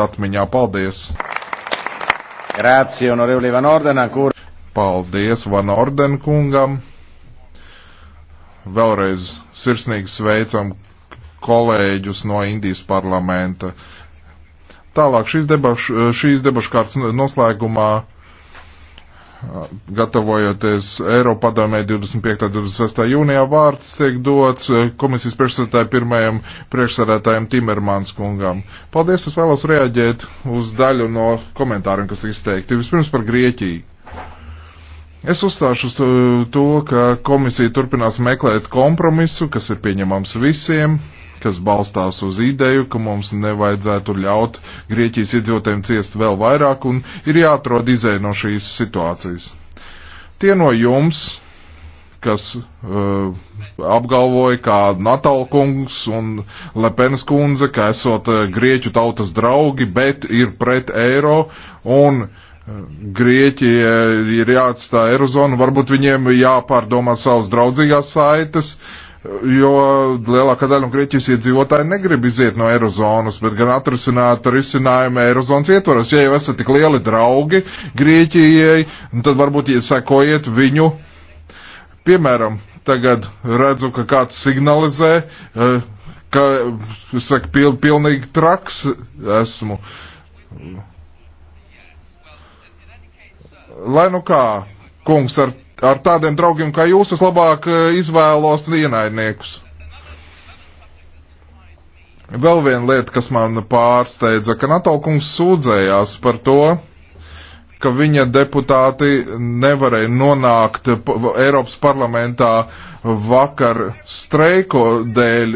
atmiņā. Paldies! Grācija, honorevli Van Ordenā, kur. Paldies Van Orden kungam. Vēlreiz sirsnīgi sveicam kolēģus no Indijas parlamenta. Tālāk šīs debašu, šīs debašu kārtas noslēgumā gatavojoties Eiropadomē 25. un 26. jūnijā vārds tiek dots eh, komisijas priekšsēdētāju pirmajam priekšsēdētājam Timermans kungam. Paldies, es vēlos reaģēt uz daļu no komentāriem, kas izteikti. Vispirms par Grieķiju. Es uzstāšu uz to, ka komisija turpinās meklēt kompromisu, kas ir pieņemams visiem, kas balstās uz ideju, ka mums nevajadzētu ļaut Grieķijas iedzīvotājiem ciest vēl vairāk un ir jāatrod izēja no šīs situācijas. Tie no jums, kas uh, apgalvoja, kā Natāla kungs un Lepenas kundze, ka esot uh, Grieķu tautas draugi, bet ir pret eiro un uh, Grieķija uh, ir jāatstāja Eirozonu, varbūt viņiem jāpārdomā savas draudzīgās saites, uh, jo lielākā daļa no Grieķijas iedzīvotāji negrib iziet no Eirozonas, bet gan atrisināt risinājumu Eirozonas ietvaros. Ja jau esat tik lieli draugi Grieķijai, tad varbūt iesakojiet viņu. Piemēram, tagad redzu, ka kāds signalizē, eh, ka, es saku, pil, pilnīgi traks esmu. Lai nu kā, kungs, ar ar tādiem draugiem kā jūs, es labāk eh, izvēlos ienaidniekus. Vēl viena lieta, kas man pārsteidza, ka NATO kungs sūdzējās par to, ka viņa deputāti nevarēja nonākt Eiropas parlamentā vakar streiko dēļ.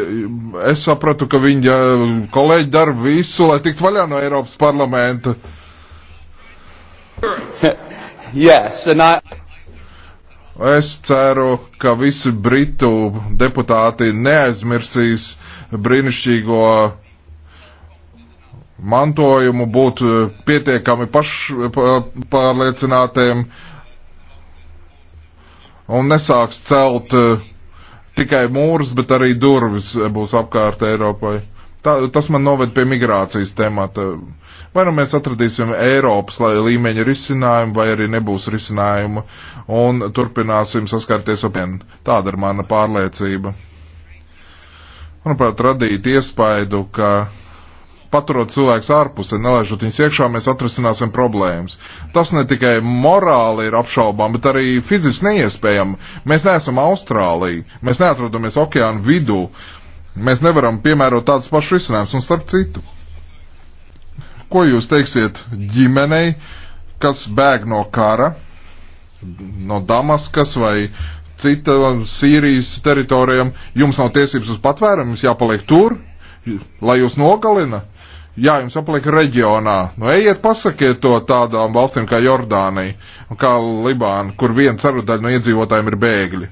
Es sapratu, ka viņa eh, kolēģi dara visu, lai tiktu vaļā no Eiropas parlamenta. Yes, and I... Es ceru, ka visi britu deputāti neaizmirsīs brīnišķīgo mantojumu, būt pietiekami pašpārliecinātiem un nesāks celt eh, tikai mūrus, bet arī durvis būs apkārt Eiropai. Tā, tas man noved pie migrācijas temata. Vai nu mēs atradīsim Eiropas līmeņa risinājumu, vai arī nebūs risinājumu, un turpināsim saskarties ar vienu. Tāda ir mana pārliecība. Manuprāt, radīt iespaidu, ka paturot cilvēks ārpusē, nelaižot viņus iekšā, mēs atrisināsim problēmas. Tas ne tikai morāli ir apšaubām, bet arī fiziski neiespējami. Mēs neesam Austrālija, mēs neatrodamies okeāna vidū. Uh, Mēs nevaram piemērot tādus pašus risinājumus un starp citu. Ko jūs teiksiet ģimenei, kas bēg no kara, no Damaskas vai cita Sīrijas teritorijām, jums nav tiesības uz patvērumu, jums jāpaliek tur, lai jūs nogalina? Jā, jums jāpaliek reģionā. Nu, ejiet, pasakiet to tādām valstīm kā Jordānija un kā Libāna, kur viens ceru daļu no iedzīvotājiem ir bēgļi.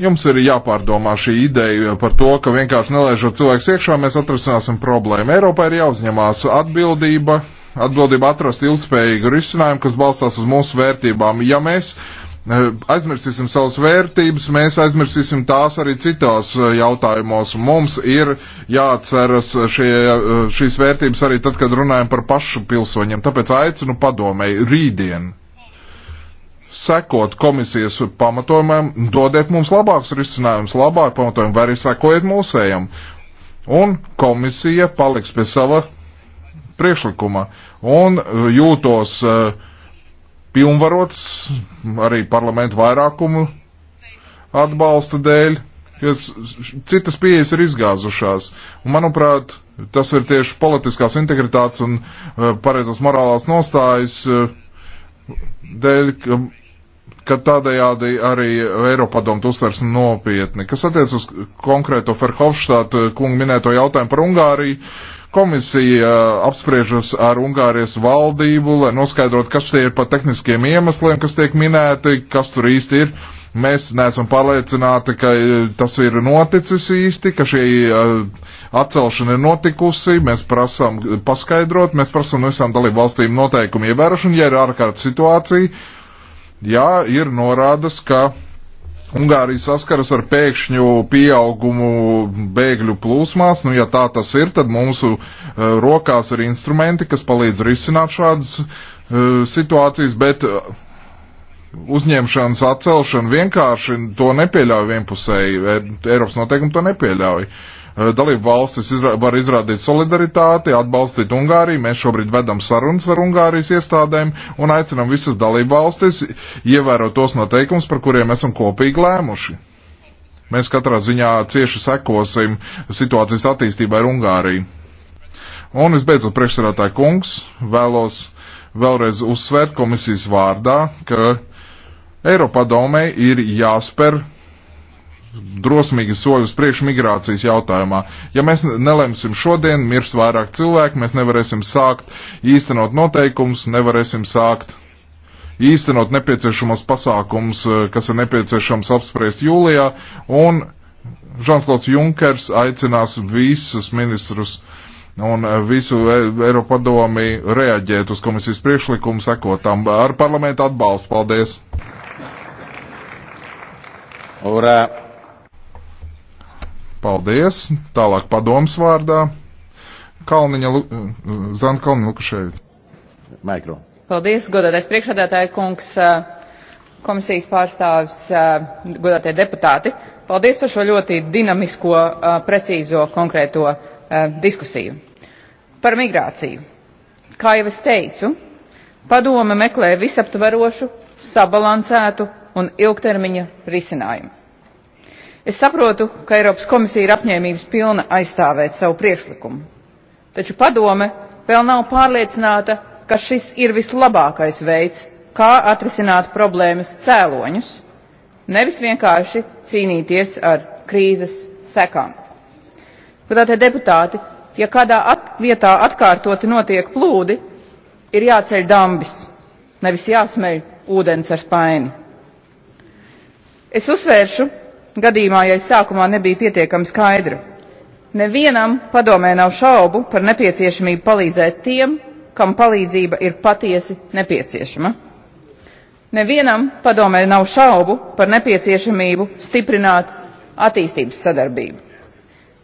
Jums ir jāpārdomā šī ideja par to, ka vienkārši nelaižot cilvēkus iekšā, mēs atrisināsim problēmu. Eiropā ir jāuzņemās atbildība, atbildība atrast ilgspējīgu risinājumu, kas balstās uz mūsu vērtībām. Ja mēs eh, aizmirsīsim savas vērtības, mēs aizmirsīsim tās arī citās eh, jautājumos. Mums ir jāatceras šie, eh, šīs vērtības arī tad, kad runājam par pašu pilsoņiem. Tāpēc aicinu padomēji rītdien sekot komisijas pamatojumam, dodiet mums labāks risinājums, labāk pamatojumu, vai arī sekojiet mūsējam. Un komisija paliks pie sava priekšlikuma. Un jūtos uh, pilnvarots arī parlamentu vairākumu atbalsta dēļ, jo citas pieejas ir izgāzušās. Un, manuprāt, tas ir tieši politiskās integritātes un uh, pareizās morālās nostājas uh, dēļ, ka ka tādējādi arī Eiropadomu uztvers nopietni. Kas attiec uz konkrēto Ferhofštātu eh, kungu minēto jautājumu par Ungāriju, komisija eh, apspriežas ar Ungārijas valdību, lai noskaidrot, kas tie ir par tehniskiem iemesliem, kas tiek minēti, kas tur īsti ir. Mēs neesam pārliecināti, ka eh, tas ir noticis īsti, ka šī atcelšana ir notikusi. Mēs prasām paskaidrot, mēs prasām no visām dalību valstīm noteikumu ievērošanu, ja ir ārkārtas situācija Jā, ir norādes, ka Ungārija saskaras ar pēkšņu pieaugumu bēgļu plūsmās. Nu, ja tā tas ir, tad mūsu uh, rokās ir instrumenti, kas palīdz risināt šādas uh, situācijas, bet eh, uzņemšanas atcelšana vienkārši to nepieļauj vienpusēji. Eiropas noteikumi to nepieļauj. Uh, Eh, dalību valstis izra var izrādīt solidaritāti, atbalstīt Ungāriju. Mēs šobrīd vedam sarunas ar Ungārijas iestādēm un aicinam visas dalību valstis ievērot tos noteikumus, par kuriem esam kopīgi lēmuši. Mēs katrā ziņā cieši sekosim situācijas attīstībai ar Ungāriju. Un visbeidzot, priekšsarātāja kungs, vēlos vēlreiz uzsvērt komisijas vārdā, ka Eiropadomē ir jāspēr drosmīgi soļi uz priekšu migrācijas jautājumā. Ja mēs nelemsim šodien, mirs vairāk cilvēku, mēs nevarēsim sākt īstenot noteikumus, nevarēsim sākt īstenot nepieciešamos pasākumus, kas ir nepieciešams apspriest jūlijā, un Žansklots Junkers aicinās visus ministrus un visu e- Eiropadomi reaģēt uz komisijas priekšlikumu sekotām ar parlamentu atbalstu. Paldies! Ora Paldies. Tālāk padoms vārdā. Kalniņa, Zana Kalniņa Lukaševic. Mikro. Paldies, godātais priekšādātāja kungs, komisijas pārstāvis, godātie deputāti. Paldies par šo ļoti dinamisko, precīzo, konkrēto diskusiju. Par migrāciju. Kā jau es teicu, padome meklē visaptvarošu, sabalansētu un ilgtermiņa risinājumu es saprotu ka eiropas komisija ir apņēmības pilna aizstāvēt savu priekšlikumu taču padome vēl nav pārliecināta ka šis ir vislabākais veids kā atrisināt problēmas cēloņus nevis vienkārši cīnīties ar krīzes sekām. Godātie deputāti, ja kādā at vietā atkārtoti notiek plūdi, ir jāceļ dambis, nevis jāsmeļ ūdens ar spaini. Es uzsvēršu, gadījumā ja es sākumā nebiju pietiekami skaidra. Nevienam padomē nav šaubu par nepieciešamību palīdzēt tiem, kam palīdzība ir patiesi nepieciešama. Nevienam padomē nav šaubu par nepieciešamību stiprināt attīstības sadarbību.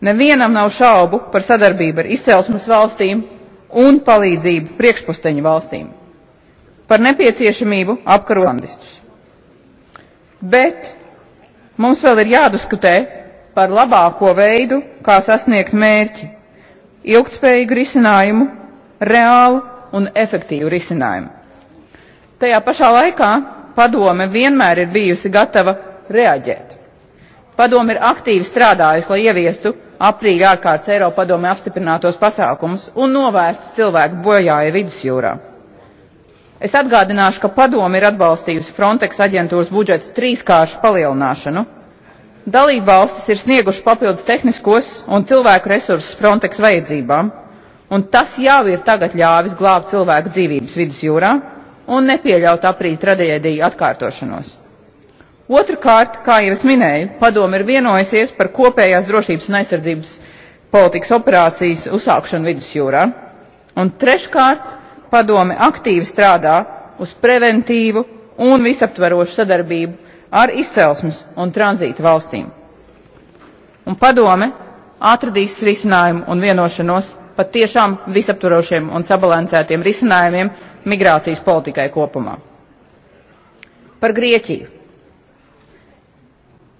Nevienam nav šaubu par sadarbību ar izcelsmes valstīm un palīdzību priekšpusteņu valstīm, par nepieciešamību apkarot bandistus. Bet mums vēl ir jādiskutē par labāko veidu kā sasniegt mērķi ilgtspējīgu risinājumu reālu un efektīvu risinājumu. tajā pašā laikā padome vienmēr ir bijusi gatava reaģēt. padome ir aktīvi strādājusi lai ieviestu aprīļa ārkārtas eiropadomē apstiprinātos pasākumus un novērstu cilvēku bojāju vidusjūrā es atgādināšu ka padome ir atbalstījusi frontex aģentūras budžeta trīskāršu palielināšanu dalībvalstis ir sniegušas papildus tehniskos un cilvēku resursus frontex vajadzībām un tas jau ir tagad ļāvis glābt cilvēku dzīvības vidusjūrā un nepieļaut aprīt traģēdiju atkārtošanos. Otrakārt, kā jau es minēju, padome ir vienojusies par kopējās drošības un aizsardzības politikas operācijas uzsākšanu vidusjūrā. Un treškārt, padome aktīvi strādā uz preventīvu un visaptverošu sadarbību ar izcelsmes un tranzīta valstīm un padome atradīs risinājumu un vienošanos par tiešām visaptvarošiem un sabalansētiem risinājumiem migrācijas politikai kopumā. Par Grieķiju.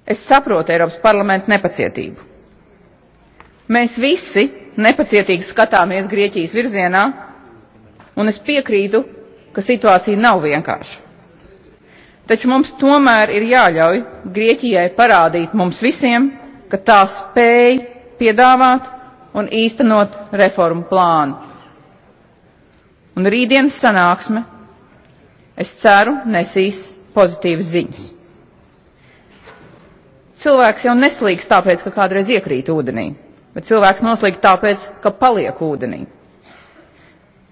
Es saprotu Eiropas parlamentu nepacietību. Mēs visi nepacietīgi skatāmies Grieķijas virzienā, un es piekrītu ka situācija nav vienkārša taču mums tomēr ir jāļauj grieķijai parādīt mums visiem ka tā spēj piedāvāt un īstenot reformu plānu un rītdienas sanāksme es ceru nesīs pozitīvas ziņas cilvēks jau neslīgs tāpēc ka kādreiz iekrīt ūdenī bet cilvēks noslīg tāpēc ka paliek ūdenī.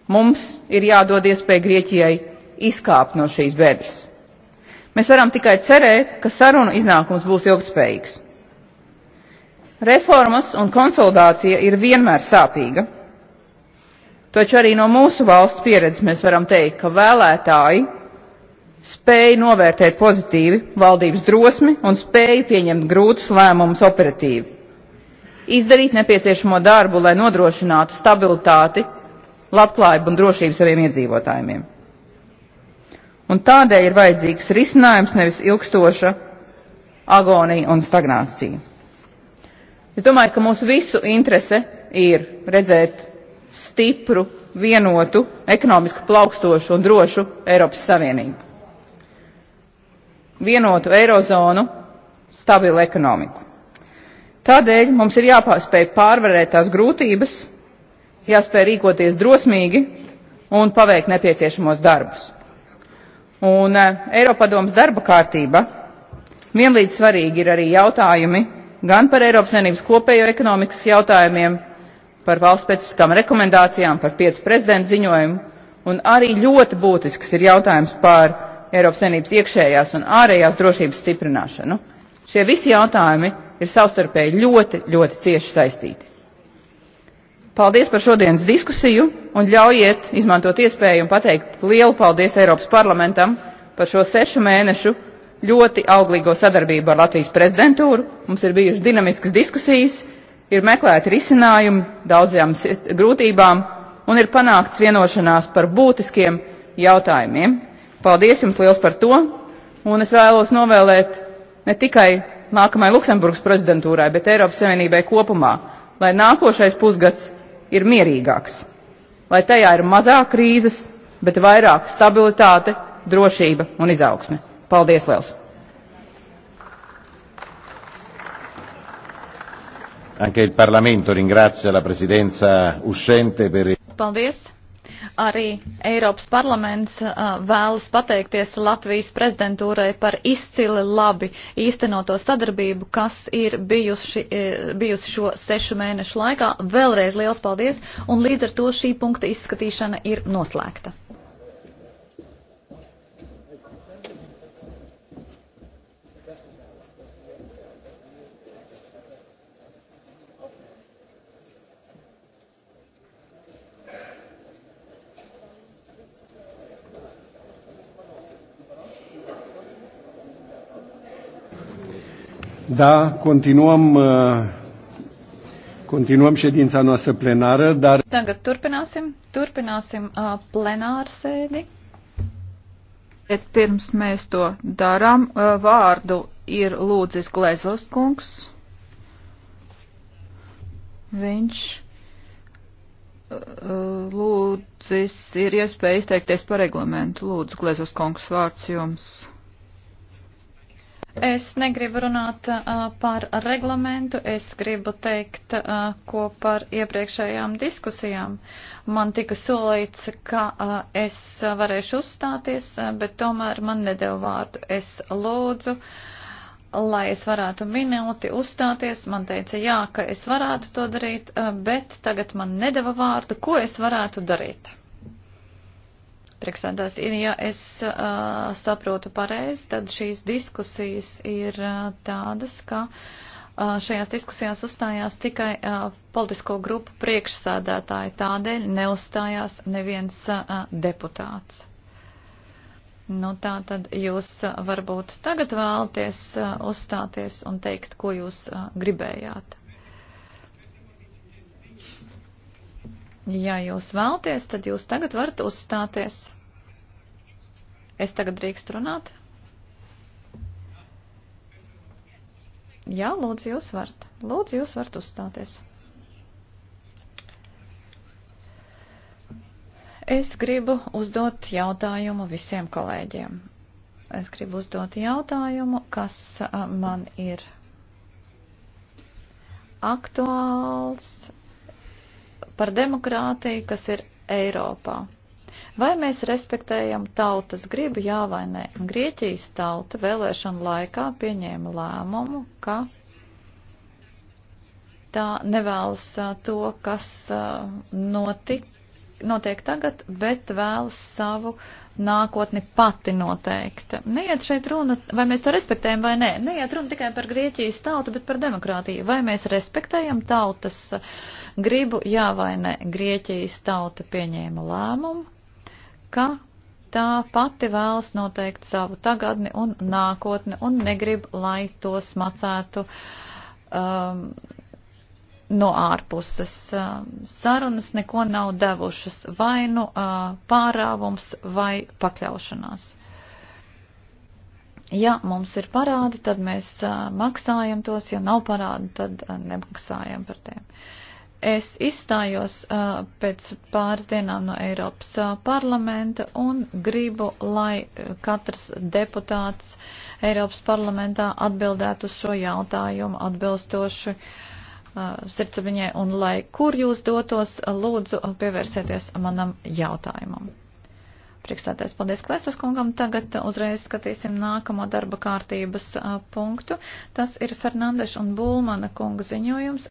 Mums ir jādod iespēja Grieķijai izkāpt no šīs bedres. Mēs varam tikai cerēt, ka sarunu iznākums būs ilgtspējīgs. Reformas un konsolidācija ir vienmēr sāpīga, taču arī no mūsu valsts pieredzes mēs varam teikt, ka vēlētāji spēja novērtēt pozitīvi valdības drosmi un spēja pieņemt grūtus lēmumus operatīvi. Izdarīt nepieciešamo darbu, lai nodrošinātu stabilitāti labklājību un drošību saviem iedzīvotājiem. Un tādēļ ir vajadzīgs risinājums, nevis ilgstoša agonija un stagnācija. Es domāju, ka mūsu visu interese ir redzēt stipru, vienotu, ekonomiski plaukstošu un drošu Eiropas Savienību. Vienotu eirozonu, stabilu ekonomiku. Tādēļ mums ir jāpārspēj pārvarēt tās grūtības, jāspēj rīkoties drosmīgi un paveikt nepieciešamos darbus. Un e, Eiropadomas darba kārtība vienlīdz svarīgi ir arī jautājumi gan par Eiropas Savienības kopējo ekonomikas jautājumiem, par valsts specifiskām rekomendācijām, par piecu prezidentu ziņojumu, un arī ļoti būtisks ir jautājums par Eiropas Savienības iekšējās un ārējās drošības stiprināšanu. Šie visi jautājumi ir savstarpēji ļoti, ļoti cieši saistīti. Paldies par šodienas diskusiju un ļaujiet izmantot iespēju un pateikt lielu paldies Eiropas parlamentam par šo sešu mēnešu ļoti auglīgo sadarbību ar Latvijas prezidentūru. Mums ir bijušas dinamiskas diskusijas, ir meklēti risinājumi daudzajām grūtībām un ir panākts vienošanās par būtiskiem jautājumiem. Paldies jums liels par to un es vēlos novēlēt ne tikai nākamajai Luksemburgas prezidentūrai, bet Eiropas Savienībai kopumā, lai nākošais pusgads ir mierīgāks, lai tajā ir mazāk krīzes, bet vairāk stabilitāte, drošība un izaugsme. Paldies liels! Anche il Parlamento ringrazia la Presidenza uscente per. Paldies. Arī Eiropas parlaments uh, vēlas pateikties Latvijas prezidentūrai par izcili labi īstenoto sadarbību, kas ir bijusi, e, bijusi šo sešu mēnešu laikā. Vēlreiz liels paldies, un līdz ar to šī punkta izskatīšana ir noslēgta. Da, continuăm, uh, continuăm ședința noastră plenară, dar... Tagad turpināsim, turpināsim uh, plenāru sēdi. Bet pirms mēs to darām, uh, vārdu ir lūdzis Glezos kungs. Viņš uh, lūdzis, ir iespēja izteikties par reglamentu. Lūdzu, Glezos kungs, vārds jums. Es negribu runāt uh, par reglamentu, es gribu teikt, uh, ko par iepriekšējām diskusijām. Man tika solīts, ka uh, es varēšu uzstāties, uh, bet tomēr man nedēva vārdu. Es lūdzu, lai es varētu minūti uzstāties. Man teica, jā, ka es varētu to darīt, uh, bet tagad man nedēva vārdu, ko es varētu darīt. Priekšsēdās, ja es uh, saprotu pareizi, tad šīs diskusijas ir uh, tādas, ka uh, šajās diskusijās uzstājās tikai uh, politisko grupu priekšsēdētāji, tādēļ neuzstājās neviens uh, deputāts. Nu, tā tad jūs uh, varbūt tagad vēlaties uh, uzstāties un teikt, ko jūs uh, gribējāt. Ja jūs vēlties, tad jūs tagad varat uzstāties. Es tagad drīkstu runāt? Jā, lūdzu, jūs varat. Lūdzu, jūs varat uzstāties. Es gribu uzdot jautājumu visiem kolēģiem. Es gribu uzdot jautājumu, kas man ir aktuāls par demokrātiju, kas ir Eiropā. Vai mēs respektējam tautas gribu, jā vai nē? Grieķijas tauta vēlēšana laikā pieņēma lēmumu, ka tā nevēlas to, kas notika notiek tagad, bet vēlas savu nākotni pati noteikt. Neiet šeit runa, vai mēs to respektējam vai nē. Neiet runa tikai par Grieķijas tautu, bet par demokrātiju. Vai mēs respektējam tautas gribu, jā vai nē. Grieķijas tauta pieņēma lēmumu, ka tā pati vēlas noteikt savu tagadni un nākotni un negrib, lai tos macētu. Um, no ārpuses. Eh, sarunas neko nav devušas, vai nu eh, pārāvums, vai pakļaušanās. Ja mums ir parādi, tad mēs eh, maksājam tos, ja nav parādi, tad nemaksājam par tiem. Es izstājos pēc pāris dienām no Eiropas parlamenta un gribu, lai katrs deputāts Eiropas parlamentā atbildētu uz šo jautājumu atbilstoši uh, sirdsapziņai, un lai kur jūs dotos, lūdzu pievērsieties manam jautājumam. Priekšstādājs, paldies Klesas kungam. Tagad uzreiz skatīsim nākamo darba kārtības punktu. Tas ir Fernandeša un Bulmana kunga ziņojums.